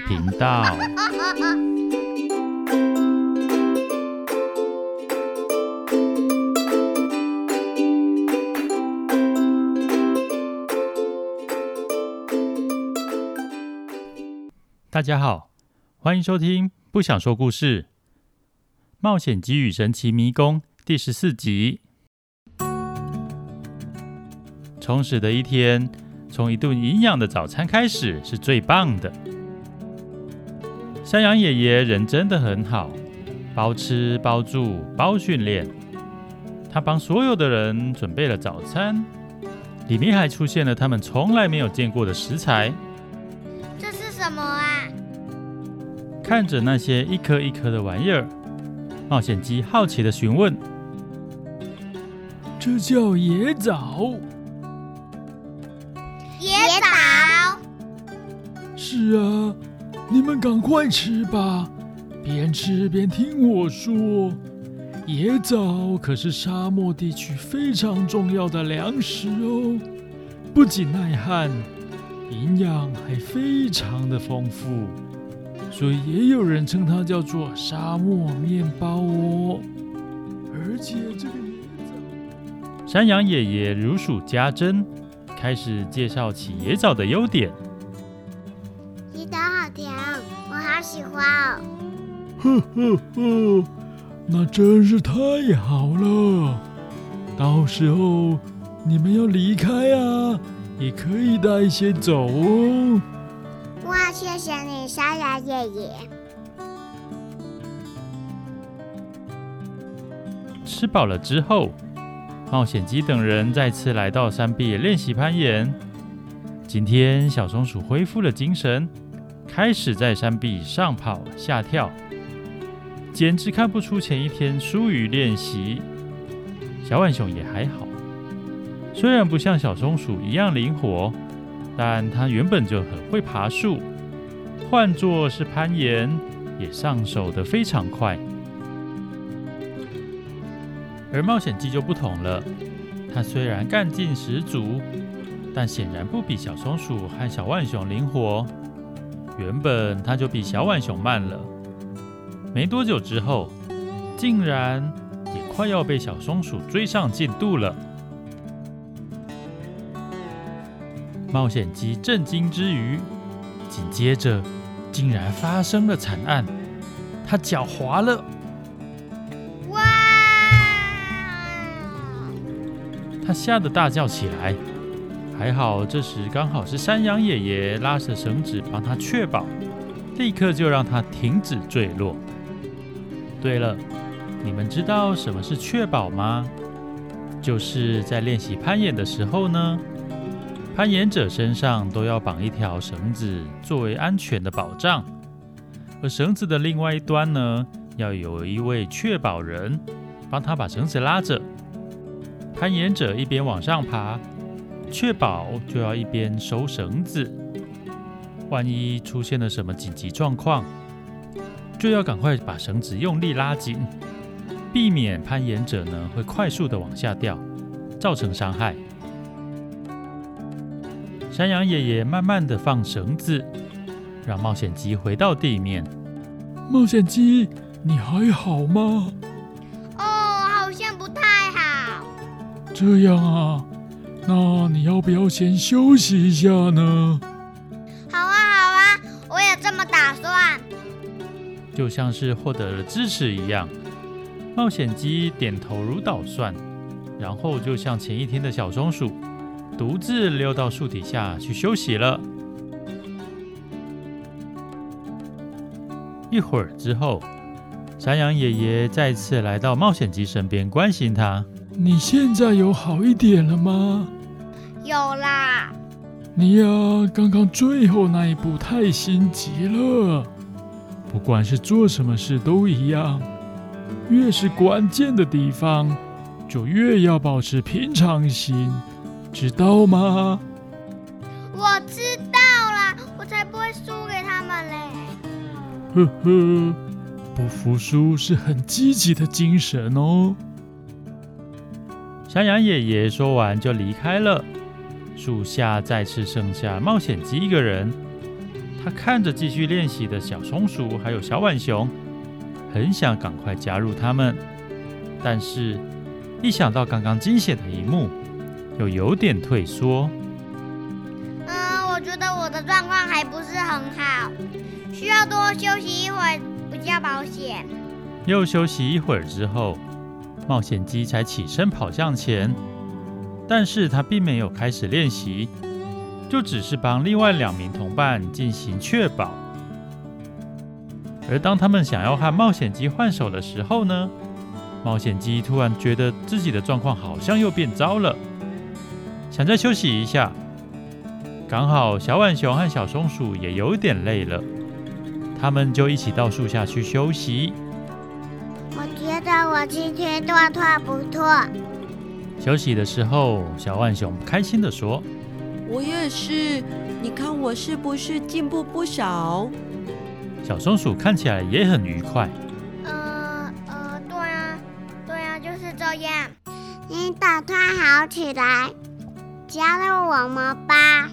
頻道。大家好，歡迎收聽《不想說故事：冒險雞與神奇迷宮》第十四集。充實的一天，從一頓營養的早餐開始，是最棒的。山羊爺爺人真的很好，包吃包住包訓練。他幫所有的人準備了早餐，裡面還出現了他們從來沒有見過的食材。這是什麼啊？看着那些一顆一顆的玩意兒，冒險雞好奇地詢問：“這叫野棗。野棗？”“野棗。”是啊。你們趕快吃吧，邊吃邊聽我說。椰棗可是沙漠地區非常重要的糧食哦，不僅耐旱，營養還非常的豐富，所以也有人稱它叫做沙漠麵包哦。而且這個椰棗，山羊爺爺如數家珍，開始介紹起椰棗的優點。喜歡哦！呵呵呵，那真是太好了。到時候你們要離開啊，也可以帶一些走哦。哇，謝謝你，山羊爺爺！吃飽了之後，冒險雞等人再次來到山壁練習攀岩。今天小松鼠恢復了精神。開始在山壁上跑下跳，簡直看不出前一天疏於練習。小浣熊也還好，雖然不像小松鼠一樣靈活，但它原本就很會爬樹，換作是攀岩也上手得非常快。而冒險雞就不同了，它雖然幹勁十足，但顯然不比小松鼠和小浣熊靈活。原本他就比小浣熊慢了，沒多久之後，竟然也快要被小松鼠追上進度了。冒險雞震驚之餘，緊接着竟然發生了慘案，它腳滑了！哇！它嚇得大叫起來。還好，這時剛好是山羊爺爺拉着繩子幫他確保，立刻就讓他停止墜落。對了，你們知道什麼是確保嗎？就是在練習攀岩的時候呢，攀岩者身上都要綁一條繩子作為安全的保障，而繩子的另外一端呢，要有一位確保人幫他把繩子拉着，攀岩者一邊往上爬。確保就要一邊收繩子，萬一出現了什麼緊急狀況，就要趕快把繩子用力拉緊，避免攀岩者呢會快速的往下掉，造成傷害。山羊爺爺慢慢的放繩子，讓冒險雞回到地面。冒險雞，你還好嗎？哦，好像不太好。這樣啊。那你要不要先休息一下呢？好啊，好啊，我也這麼打算。就像是獲得了支持一樣，冒險雞點頭如搗蒜，然後就像前一天的小松鼠，獨自溜到樹底下去休息了。一會兒之後，山羊爺爺再次來到冒險雞身邊，關心他：“你現在有好一點了嗎？”有啦，你呀、啊，剛剛最後那一步太心急了。不管是做什麼事都一樣，越是關鍵的地方，就越要保持平常心，知道嗎？我知道啦，我才不會輸給他們嘞。呵呵，不服輸是很積極的精神哦。山羊爺爺說完就離開了。樹下再次剩下冒險雞一個人，他看着繼續練習的小松鼠還有小浣熊，很想趕快加入他們，但是，一想到剛剛驚險的一幕，又有點退縮。嗯、呃，我覺得我的狀況還不是很好，需要多休息一會兒比較保險。又休息一會兒之後，冒險雞才起身跑向前。但是他並沒有開始練習，就只是幫另外兩名同伴進行確保。而當他們想要和冒險雞換手的時候呢，冒險雞突然覺得自己的狀況好像又變糟了，想再休息一下。剛好小浣熊和小松鼠也有點累了，他們就一起到樹下去休息。我覺得我今天狀態不錯。休息的時候，小浣熊開心地說：“我也是，你看我是不是進步不少？”小松鼠看起來也很愉快：“呃呃，對啊，對啊，就是這樣。你打算好起來，加入我們吧，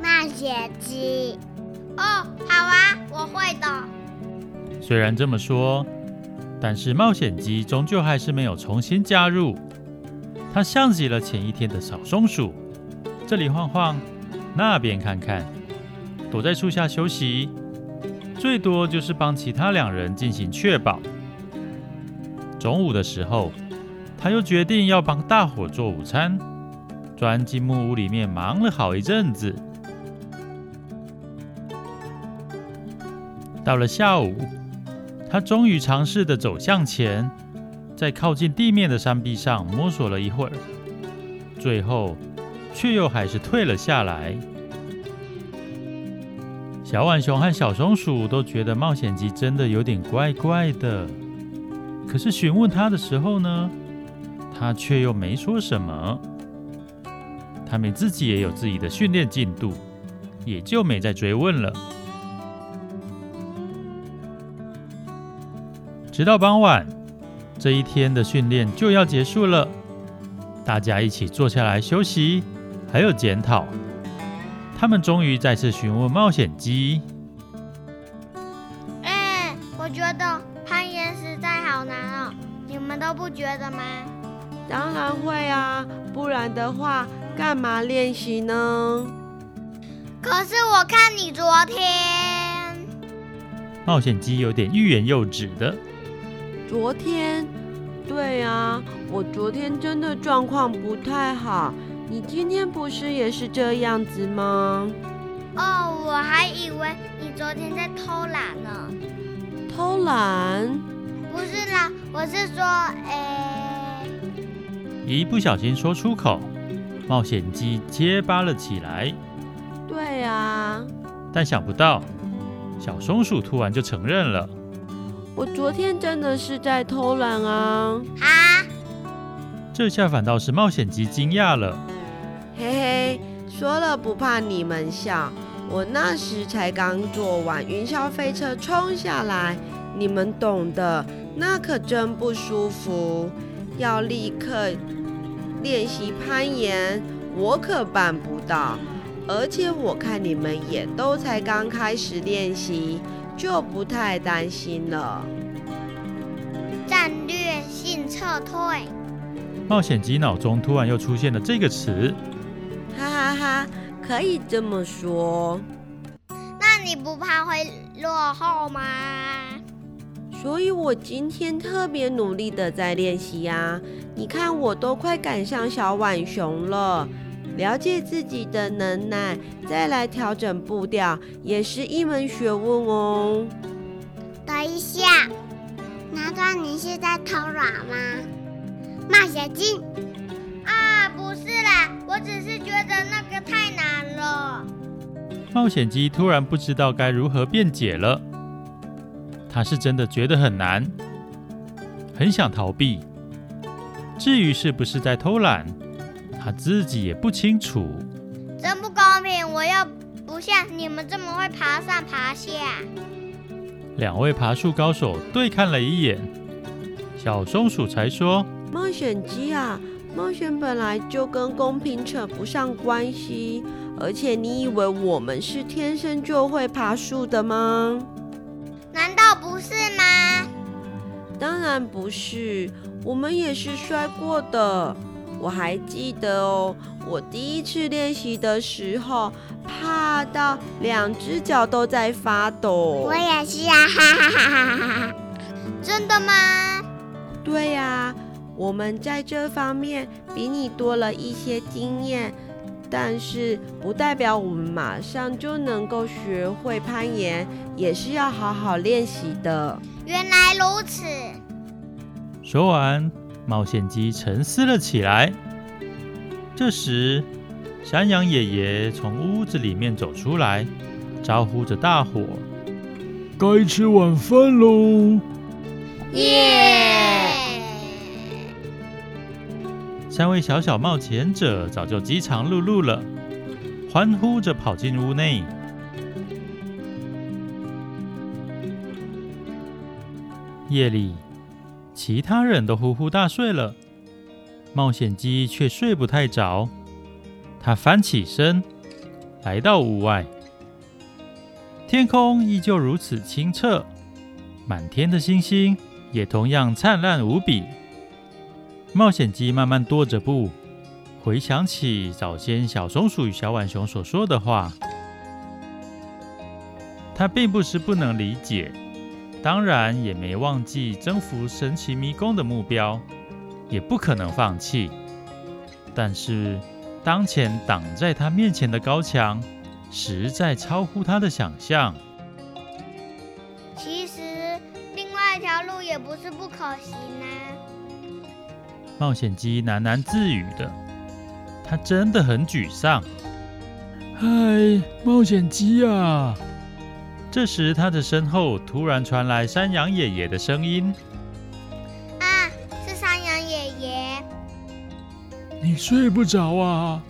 冒險雞。”“哦，好啊，我會的。”雖然這麼說，但是冒險雞終究還是沒有重新加入。他像極了前一天的小松鼠，這裡晃晃，那邊看看，躲在樹下休息，最多就是幫其他兩人進行確保。中午的時候，他又決定要幫大夥做午餐，鑽進木屋裡面忙了好一陣子。到了下午，他終於嘗試著走向前。在靠近地面的山壁上摸索了一會兒，最後卻又還是退了下來。小浣熊和小松鼠都覺得冒險雞真的有點怪怪的，可是詢問他的時候呢，他卻又沒說什麼。他們自己也有自己的訓練進度，也就沒再追問了。直到傍晚。這一天的訓練就要結束了，大家一起坐下來休息，還有檢討。他們終於再次詢問冒險雞：“哎，我覺得攀岩實在好難哦、喔，你們都不覺得嗎？”“當然會啊，不然的話幹嘛練習呢？”“可是我看你昨天……”冒險雞有點欲言又止的。昨天？對啊，我昨天真的狀況不太好。你今天不是也是這樣子嗎？哦，我還以為你昨天在偷懶呢。偷懶？不是啦，我是說，誒、哎，一不小心說出口，冒險雞結巴了起來。對啊，但想不到，小松鼠突然就承認了。我昨天真的是在偷懶啊！啊！這下反倒是冒險雞驚訝了。嘿嘿，說了不怕你們笑，我那時才剛坐完雲霄飛車衝下來，你們懂的，那可真不舒服。要立刻練習攀岩，我可辦不到，而且我看你們也都才剛開始練習。就不太擔心了。戰略性撤退。冒險雞腦中突然又出現了這個詞。哈哈哈，可以這麼說。那你不怕會落後嗎？所以我今天特別努力地在練習啊！你看，我都快趕上小浣熊了。了解自己的能耐，再來調整步調，也是一門學問哦。等一下，難道你是在偷懶嗎？冒險雞啊，不是啦，我只是覺得那個太難了。冒險雞突然不知道該如何辯解了，他是真的覺得很難，很想逃避。至於是不是在偷懶？他自己也不清楚，真不公平！我又不像你們這麼會爬上爬下。兩位爬樹高手對看了一眼，小松鼠才說：“冒險雞啊，冒險本來就跟公平扯不上關係。而且你以為我們是天生就會爬樹的嗎？難道不是嗎？當然不是，我們也是摔過的。”我還記得哦，我第一次練習的時候，怕到兩隻腳都在發抖。我也是啊，哈哈哈哈哈！真的嗎？對呀，我們在這方面比你多了一些經驗，但是不代表我們馬上就能夠學會攀岩，也是要好好練習的。原來如此。說完。冒險雞沉思了起來。這時，山羊爺爺從屋子裡面走出來，招呼着大夥：“該吃晚飯嘍！”耶！Yeah! 三位小小冒險者早就飢腸轆轆了，歡呼着跑進屋內。夜裡。其他人都呼呼大睡了，冒險雞卻睡不太着。他翻起身，來到屋外，天空依舊如此清澈，滿天的星星也同樣燦爛無比。冒險雞慢慢踱着步，回想起早先小松鼠與小浣熊所說的話，他並不是不能理解。當然也沒忘記征服神奇迷宮的目標，也不可能放棄。但是當前擋在他面前的高牆實在超乎他的想象。其實另外一條路也不是不可行啊。冒險雞喃喃自語的，他真的很沮喪。嗨，冒險雞啊！這時，他的身後突然傳來山羊爺爺的聲音：“啊，是山羊爺爺！你睡不着啊，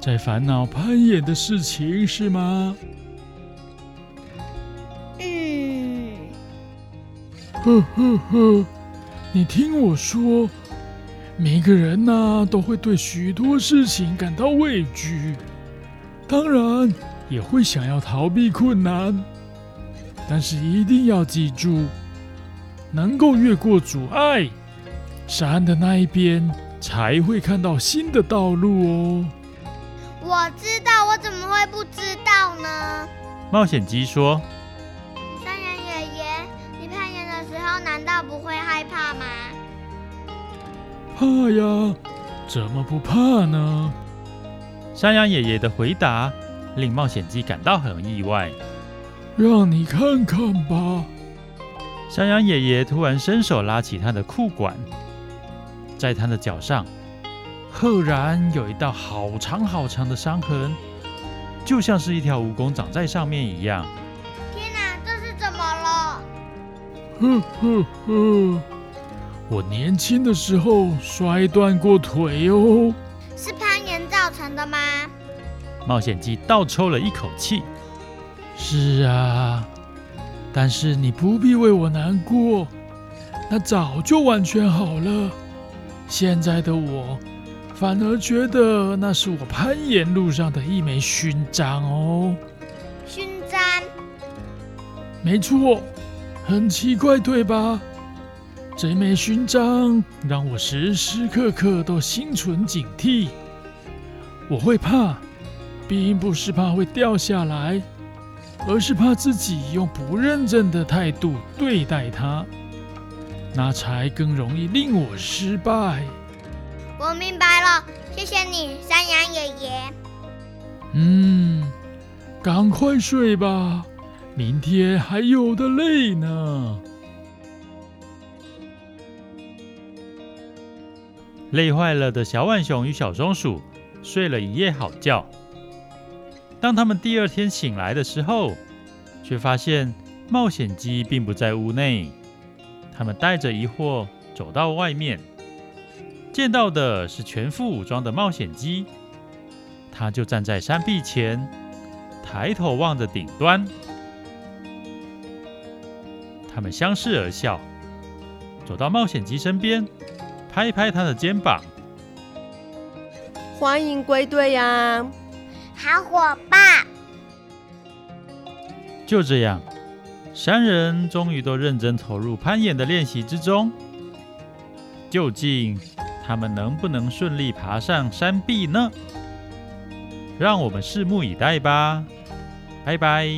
在煩惱攀岩的事情是嗎？”“嗯。”“呵呵呵，你聽我說，每個人呢、啊、都會對許多事情感到畏懼，當然也會想要逃避困難。”但是一定要記住，能夠越過阻礙，哎、山的那一邊才會看到新的道路哦。我知道，我怎麼會不知道呢？冒險雞說：“山羊爺爺，你攀岩的時候難道不會害怕嗎？”怕呀，怎麼不怕呢？山羊爺爺的回答令冒險雞感到很意外。讓你看看吧。山羊爺爺突然伸手拉起他的褲管，在他的腳上，赫然有一道好長好長的傷痕，就像是一條蜈蚣長在上面一樣。天哪，這是怎麼了？呵呵呵，我年輕的時候摔斷過腿哦。是攀岩造成的嗎？冒險雞倒抽了一口氣。是啊，但是你不必為我難過，那早就完全好了。現在的我，反而覺得那是我攀岩路上的一枚勳章哦。勳章？沒錯，很奇怪，對吧？這枚勳章讓我時時刻刻都心存警惕。我會怕，並不是怕會掉下來。而是怕自己用不認真的態度對待它，那才更容易令我失敗。我明白了，謝謝你，山羊爺爺。嗯，趕快睡吧，明天還有得累呢。累壞了的小浣熊與小松鼠睡了一夜好覺。當他們第二天醒來的時候，卻發現冒險雞並不在屋內。他們帶着疑惑走到外面，見到的是全副武裝的冒險雞，他就站在山壁前，抬頭望着頂端。他們相視而笑，走到冒險雞身邊，拍一拍他的肩膀：“歡迎歸隊呀、啊，好夥伴。”爸，就這樣，三人終於都認真投入攀岩的練習之中。究竟他們能不能順利爬上山壁呢？讓我們拭目以待吧。拜拜。